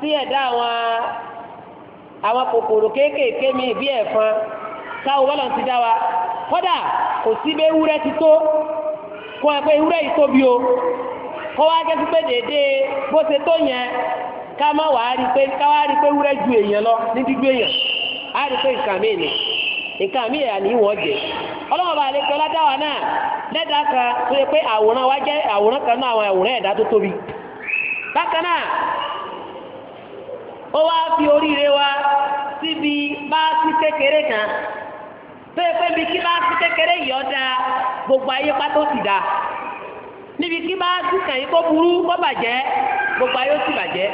sí ẹ̀dá àwọn àwọn kòkòrò kéékèèké mi bí ẹ̀fọn káwo bọ́lọ̀ ti dá wa kódà kò sí bẹ́ẹ̀ wúrẹ́ ti tó kó ẹ pé wúrẹ́ yìí tóbi o kó wá jẹ́ pé déédéé bó ṣe tó yẹn ká má wà á rí pé ká wá rí pé wúrẹ́ ju èèyàn lọ ní dídú èèyàn á rí pé nǹkan míì ni nǹkan míì àní wọ́n jẹ ọlọ́wọ́n bá lè pe ọlọ́dáwà náà lẹ́dà kan tó yẹ pé àwòrán wa jẹ́ àwòrán kan náà àwọn àwòrán ẹ̀dá tó tóbi bákan náà ó wá fi oríire wa síbi bá kékeré kan tó yẹ pé bí kí bá kékeré yìí gbogbo ayé pátó ti dáa níbi kí bá kàn yín kó burú kó bàjẹ́ gbogbo ayé ó sì bàjẹ́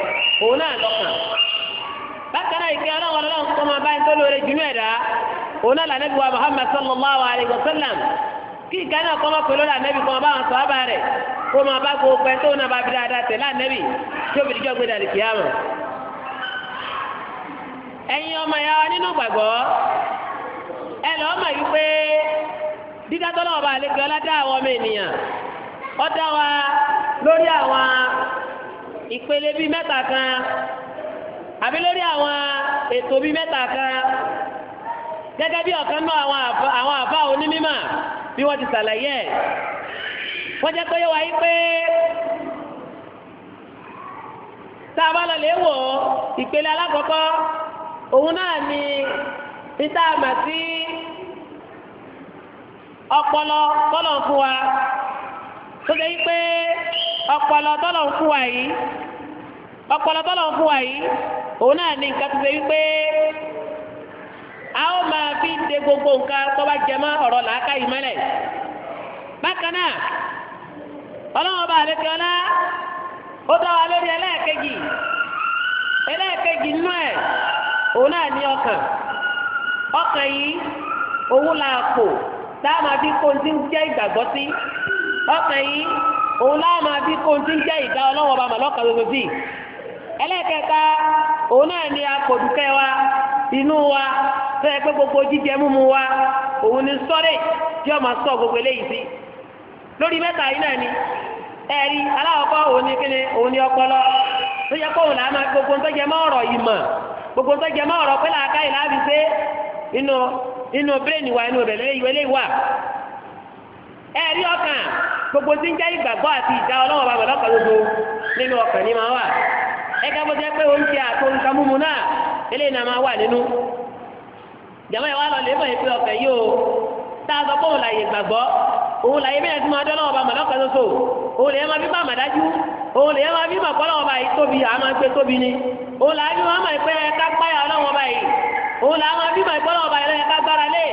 òun náà lọ́kàn bákan náà ìpín ọlọ́run ọlọ́run tó máa bá ẹni lóore jù ẹ̀dá òun náà lànàbí wa Muhammad sallallahu alayhi wa sallam kí ìka náà kọ́ máa pè lórí ànàbí kọ́ máa bá wọn sọ ábà rẹ̀ kó máa bá gbogbo ẹni tó náà bá fi dáadáa tẹ̀lé ànàbí tí òbí díjọ́ gbéra lè kíyàmù. ẹ̀yin ọmọ ya nínú gbàgbọ́ ẹ lọ́ọ́ mọ̀ yí pé dídátọ́lọ́wọ́ bá àlejò ọlá dá àwọn ọmọ ènìyàn ọ dá wa lórí àwọn ìpele bíi mẹ́ta kan àbí lórí àwọn ètò bíi mẹ́ta kan gẹ́gẹ́ bí ọ̀kan náà àwọn àbá onímọ̀ bí wọ́n ti ṣàlàyé ẹ̀ wọ́n jẹ́ pé yẹ wáyé pé tá a bá lọ lè wò ìpele alákọ̀ọ́kọ́ òun náà ni níta àmà sí ọpọlọ tọ́lọ̀ fún wa tó jẹ́ pé. ọpọlọ tọ́lọ̀ ń fún wa yìí ọpọlọ ń fún wa yìí òun náà ní nǹkan tó a ó máa fi de gbogbo nǹkan tó bá jẹ mọ́ ọ̀rọ̀ làákà yìí mọ́lẹ̀ bákan náà ọba àlejò ọlá ó dá wa lórí ẹlẹ́ẹ̀kejì ẹlẹ́ẹ̀kejì nínú ẹ̀ òun náà ní ọkàn ọkàn yìí òun kò òun láwọn máa fi kó ti ń jẹ́ ìdá ọlọ́wọ́ ọba màlọ́kà gbogbo sí i ni wa inú wa tó yẹ pé gbogbo jíjẹ múmu wa òun ni sọ́rẹ̀ tí ọmọ sọ gbogbo eléyìí sí lórí mẹ́ta yìí náà ni ẹ̀rí aláwọ̀kọ́ òun ni kíni òun ni ọpọlọ tó yẹ kó òun máa gbogbo tó jẹ mọ́ ọ̀rọ̀ ìmọ̀ gbogbo tó jẹ mọ́ ọ̀rọ̀ pé ẹ̀rí ọkàn gbogbo tí ń jẹ́ ìgbàgbọ́ àti ọlọ́wọ́ bàbá lọ́kàn gbogbo nínú ọkàn ní máa wà bó jẹ́ pé oúnjẹ àti múmu náà eléyìí náà máa wà nínú ìwà lọ ọkàn yìí o tá a sọ pé òun làyè gbàgbọ́ òun làyè bẹ́ẹ̀ tí máa dọ́ lọ́wọ́ bàbá lọ́kàn gbogbo òun lè máa fi bá àmàdájú òun lè máa fi màkọ́ lọ́wọ́ òun làá máa bímọ ìpọ́nlọ̀ ọba ìlọ́ yẹn ká gbára lé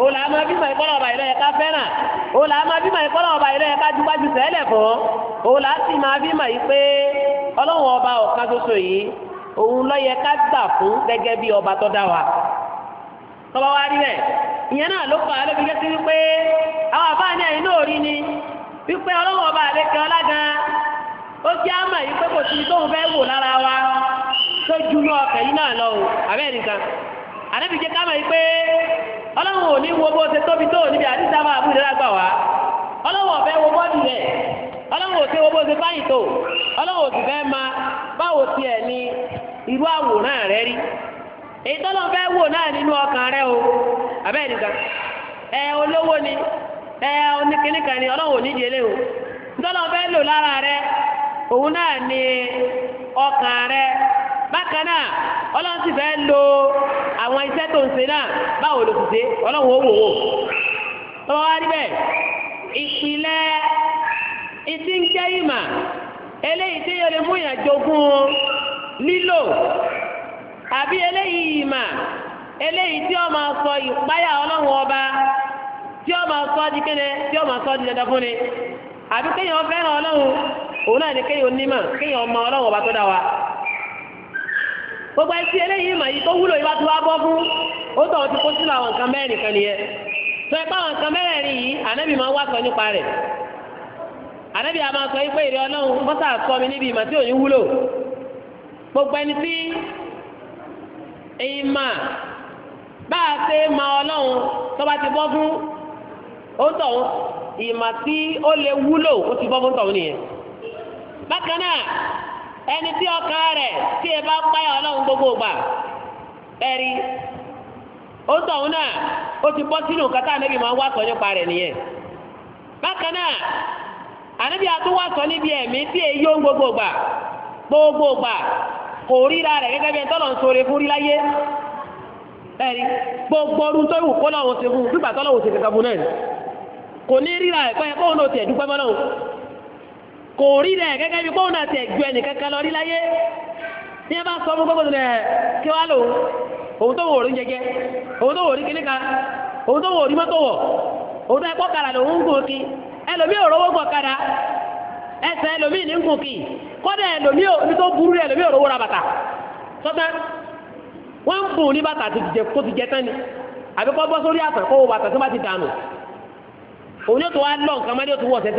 òun làá máa bímọ ìpọ́nlọ̀ ọba ìlọ́ yẹn ká fẹ́ràn òun làá máa bímọ ọba ìlọ́ yẹn ká júbájú sẹ́lẹ̀ fún òun làá sì máa bímọ yìí pé ọlọ́run ọba ọ̀kan ṣoṣo yìí òun yẹ fún gẹ́gẹ́ ọba tó dá wa tọ́ba wa rí bẹ́ẹ̀ ìyẹn náà ló fà á lóbi gẹ́gẹ́ wípé àwọn àbá náà ni ọba ànábì jẹ́ ká mọ̀ yìí pé ọlọ́run ò ní wo bó ṣe tóbi tó níbi àdìsá máa bú ìdára gbà wá ọlọ́run ọ̀fẹ́ wo rẹ̀ ọlọ́run ò ṣe wo bó ṣe tó ọlọ́run ò sì fẹ́ báwo irú àwòrán o ẹ olówó ni ẹ ni ọlọ́run ò o fẹ́ lò lára rẹ òun náà ọkàn rẹ bákan náà ọlọ́run sì fẹ́ lo àwọn iṣẹ́ tó ń ṣe náà báwo ló ti ṣe ọlọ́run ó wò wò tọ́wọ́ wá níbẹ̀ ìpìlẹ̀ ìtí ń jẹ́ ìmà eléyìí tí yẹn lè mú jogún lílò àbí eléyìí ìmà eléyìí ọba tí ọmọ sọ di kéde tí ọmọ sọ di dandan fún ni àbí kéèyàn fẹ́ràn ọlọ́run òun náà ni ọba tó dá wa. gbogbo ẹtí eléyìí mà yìí tó wúlò yìí bá ti wá bọ́ fún ó tọ̀ ti kó sínú àwọn nǹkan mẹ́rin kan nìyẹn tó ẹ bá àwọn nǹkan mẹ́rẹ̀ẹ̀rin yìí ànábì máa ń wá sọ nípa rẹ̀ ànábì àmà sọ yìí pé èrè ọlọ́run bọ́sà sọ mi níbi ìmọ̀ tí ò ní wúlò gbogbo ẹni tí èyí mà bá a ṣe ma ọlọ́run tó bá ti bọ́ fún ó tọ̀ ìmọ̀ tí ó lè wúlò ó ti bọ́ fún tọ̀ ẹni tí ọkàn rẹ̀ tí ẹ bá páyà ọlọ́run gbogbo gbà ẹ̀rí ó tọ̀hún náà ó ti bọ́ sínú kátà níbi máa ń wá sọ nípa rẹ̀ nìyẹn bákan náà àníbi àtúwà níbi ẹ̀mí tí èyí ó ń gbogbo gbà gbogbo gbà kò ríra rẹ̀ gẹ́gẹ́ bí ẹ tọ́lọ̀ ń fún ríláyé gbogbo ọdún tó kó lọ́wọ́ fún un kò rí rẹ̀ gẹ́gẹ́ bí kóun náà ti ẹ̀gbẹ́ ẹnìkan kan lọ rí láyé ní ẹ bá sọ fún gbogbo ẹ̀ kí wá lò òun tó wò rí jẹjẹ òun tó wò rí kíníkà òun tó wò rí mọ́tò wọ̀ òun tó lòun ń gùn kí ẹlòmíì òrówó gbọ̀ ẹsẹ̀ ẹlòmíì ní ń gùn kí ẹlòmíì omi tó burú rẹ̀ ẹlòmíì òrówó ra bàtà wọ́n ń bùn ní bàtà tó ti jẹ tán ni àbíkọ́ bọ́ sórí àtàn kó wọ bàtà tó bá ti dànù òun yóò tó wá lọ nǹkan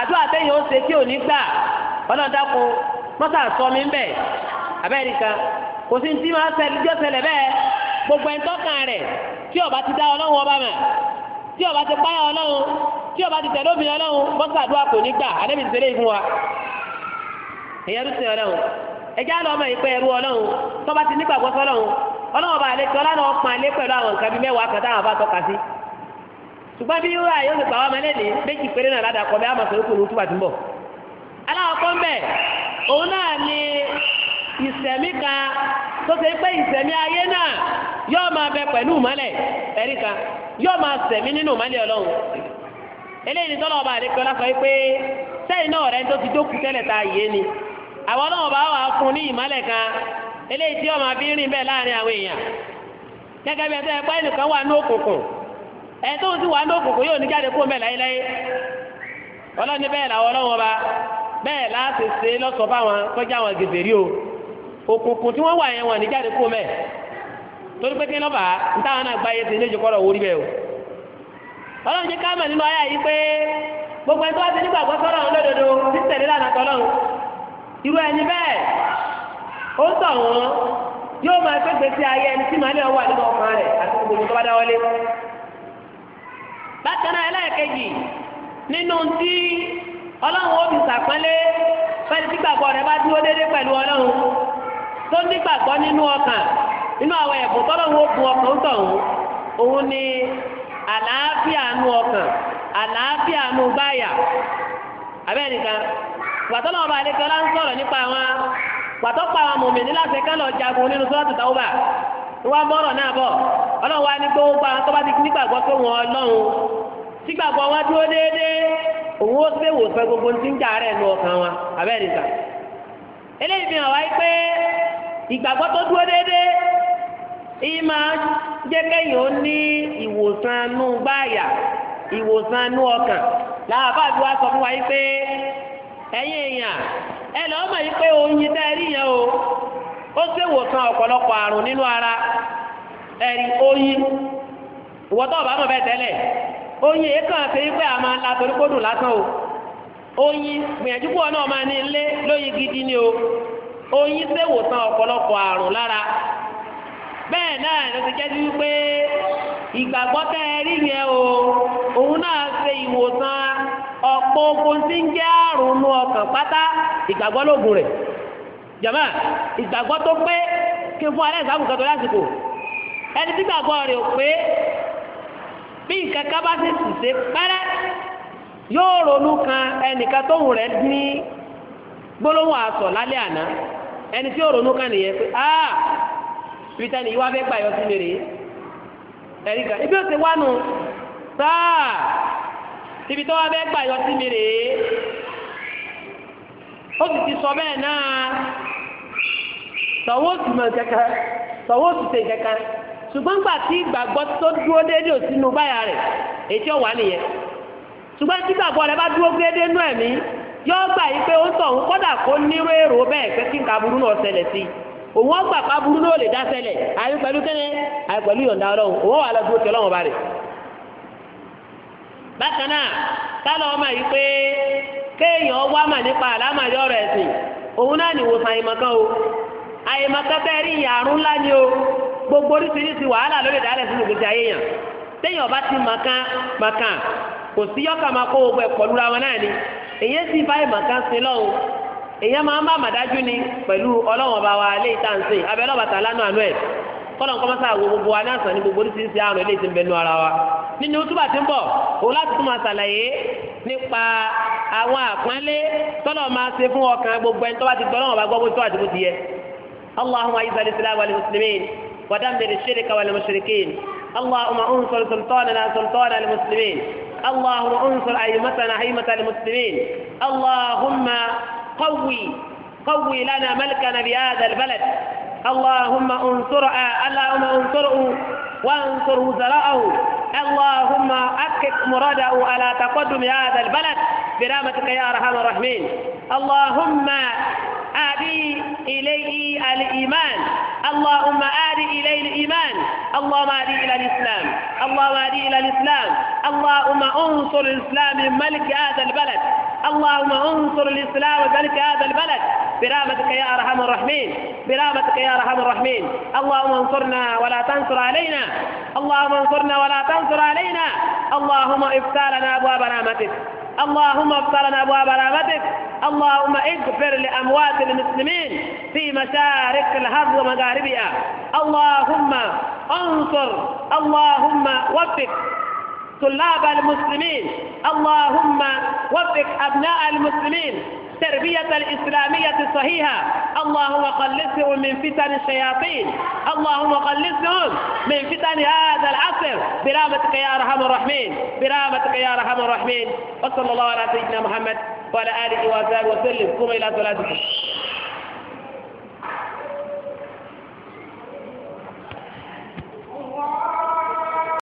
àdúrà tẹ́yìn ó ṣe kí ò ní gbà ọlọ́dàkùn mọ́tà sọ mi ń bẹ̀ abẹ́ríkà kò sí ti máa ṣẹlẹ̀ jọ́ ṣẹlẹ̀ bẹ́ẹ̀ gbogbo ẹ̀ tọ́kàn rẹ̀ tí ọba ti dá ọlọ́run ọba mọ̀ tí ọba ti páyà ọlọ́run tí ọba ti tẹ̀lé obìnrin ọlọ́run mọ́tà àdúrà kò ní gbà ti tẹ̀lé ìfún wa ẹ̀yẹ́ rú ọlọ́run ẹ̀jẹ̀ àlọ́ ọmọ ìpẹ́ ẹ̀rú ọlọ́run tọ́ba ti nígbàgbọ́sọ́ ọlọ́run ọlọ́run ọba ṣùgbọ́n bí wúrà yóò fi gbà wá mẹ́lẹ́ ní méjì péré náà ládàá kọ́ bẹ́ẹ̀ sọ̀rọ̀ kùnú túbà túbọ̀. aláwọ̀kọ́ ń bẹ̀ òun náà ni ìsẹ̀mí kan tó ṣe pé ìsẹ̀mí ayé náà yóò máa bẹ pẹ̀lú ẹ̀rí kan yóò máa sẹ̀mí nínú ọlọ́run eléyìí ni tọ́lọ̀ ọba àdékọ́ láfa yìí pé sẹ́yìn náà rẹ̀ tó ti dókú tẹ́lẹ̀ ta ni àwọn wà fún ní ẹ tó ń sì wà yóò ní jáde kó mẹ́ẹ̀ láyéláyé ọlọ́ni bẹ́ẹ̀ làwọn ọlọ́wọ́n ba bẹ́ẹ̀ láti ṣe lọ́sọ̀ o òkùnkùn tí wọ́n wà yẹn wọ́n ní jáde kó mẹ́ẹ̀ torí pé kí lọ́ba ntáwọn náà o ọlọ́run jẹ́ nínú ayé yìí pé gbogbo ẹni tó wá nígbàgbọ́ sọ́rọ̀ ọ̀hún lódodo ti tẹ̀lé lánàá irú ẹni bẹ́ẹ̀ ó sọ wọn bákan náà ẹlẹ́ẹ̀kejì nínú tí ọlọ́run ó fi pẹ̀lú gbígbàgbọ́ rẹ bá dúró dédé pẹ̀lú ọlọ́run tó nígbàgbọ́ nínú ọkàn nínú àwọn ẹ̀bùn tọ́lọ́run ó ọkàn ni àlàáfíà nu ọkàn àlàáfíà nu báyà ọba ń sọ̀rọ̀ nípa àwọn kálọ̀ jagun nínú sọ́ọ̀tù táwọn bá bọ̀rọ̀ ọlọ́run wa ní gbogbo àwọn tó bá ti nígbàgbọ́ pé wọn ọlọ́run sígbàgbọ́ wọn dúró déédéé òun ó fẹ́ wò fẹ́ gbogbo ti ń jà rẹ̀ ọkàn wa abẹ́rẹ́ ìgbà eléyìí fi hàn wáyé pé ìgbàgbọ́ tó dúró déédéé máa jẹ́ kẹ́yìn ó ní ìwòsàn nú ìwòsàn nú ọkàn làwọn wa sọ fún pé èèyàn ẹ lọ́ọ́ mọ̀ yìí pé oyin tẹ́ ẹ rí yẹn o ó ọ̀pọ̀lọpọ̀ àrùn ẹ̀rí oyin ìwọ́tọ̀ ọ̀bá mọ̀ bẹ́ẹ̀ tẹ́lẹ̀ oyin èyí kan ṣe wípé a máa la torí kódùn lásán o oyin gbìyànjú pọ̀ náà máa ní ilé lóyin gidi ni o oyin ṣèwòsàn ọ̀pọ̀lọpọ̀ àrùn lára bẹ́ẹ̀ náà ló ti jẹ́ sí ìgbàgbọ́ ẹ rí yẹn o òun náà ṣe ìwòsàn ọ̀pọ̀ ogun tí ń jẹ́ àrùn nu ọkàn pátá ìgbàgbọ́ lóògùn rẹ̀ ìgbàgbọ́ tó pé kí n fún alẹ́ ẹni tí gbàgbọ́ rẹ̀ ò pé bí nǹkan ká bá sì sì ṣe pẹ́rẹ́ yóò ronú kan ẹnìkan tóun rẹ̀ ní gbólóhùn àsọ lálẹ́ àná ẹni tí yóò ronú kan nìyẹn pé peter ni ìwà fẹ́ gbà yọ sí mi ẹ̀rí ti wá nu sáà ibi tó fẹ́ gbà yọ ti sọ bẹ́ẹ̀ náà sì mọ̀ kẹ́kẹ́ ṣùgbọ́n gbà tí ìgbàgbọ́ tó dúró déédéé ò sínú báyà rẹ̀ èyí ọ̀wá nìyẹn ṣùgbọ́n tí ìgbàgbọ́ rẹ̀ bá dúró déédéé nú ẹ̀mí yóò gbà yí pé ó ń tọ̀hún kọ́dà kó nírú èrò bẹ́ẹ̀ pé kí nǹkan aburú náà ṣẹlẹ̀ sí i òun ọgbà pa aburú náà lè dá ṣẹlẹ̀ àyè pẹ̀lú kẹ́lẹ́ àyè pẹ̀lú ọlọ́run òun wà bẹ́ẹ̀ rí ìyàrún gbogbo oríṣiríṣi wàhálà lórí ìdálẹ̀ sínú ìgbésí ayé yàn téèyàn ọba ti màkàn màkàn kò sí yọkà máa kó gbogbo ẹ̀ pọ̀lú ra wọn náà ni èyí sì báyìí màkàn sí lọ́wọ́ èyí máa ń bá màdájú ni pẹ̀lú ọlọ́wọ́n bá wa lé ìtànsè abẹ́lẹ́ ọ̀bàtà lánàá àánú ẹ̀ kọ́nà ń kọ́mọ́sá àwọ̀ gbogbo wa gbogbo oríṣiríṣi àrùn eléyìí ti ń wa nínú túbà tí ń bọ̀ òun láti nípa àwọn gbogbo ẹni tó bá ti ودمر الشرك والمشركين اللهم انصر سلطاننا سلطان المسلمين اللهم انصر أئمتنا أئمة المسلمين اللهم قوي قوي لنا ملكنا بهذا البلد اللهم انصر اللهم انصره وانصر وزراءه اللهم أكد مراده على تقدم هذا البلد برحمتك يا أرحم الراحمين اللهم آدي إليه الإيمان اللهم آدي إليه الإيمان اللهم آدي إلى الإسلام اللهم آدي إلى الإسلام اللهم انصر الإسلام ملك هذا البلد اللهم انصر الإسلام ملك هذا البلد برحمتك يا أرحم الراحمين برحمتك يا أرحم الراحمين اللهم انصرنا ولا تنصر علينا اللهم انصرنا ولا تنصر علينا اللهم افتح لنا أبواب رحمتك اللهم افتح لنا أبواب رحمتك اللهم اغفر لأموات المسلمين في مشارق الأرض ومغاربها اللهم انصر اللهم وفق طلاب المسلمين اللهم وفق أبناء المسلمين التربية الإسلامية الصحيحة اللهم خلصهم من فتن الشياطين اللهم خلصهم من فتن هذا العصر برحمتك يا أرحم الراحمين برحمتك يا أرحم الراحمين وصلى الله على سيدنا محمد وعلى آله وصحبه وسلم قم إلى صلاتكم Wow.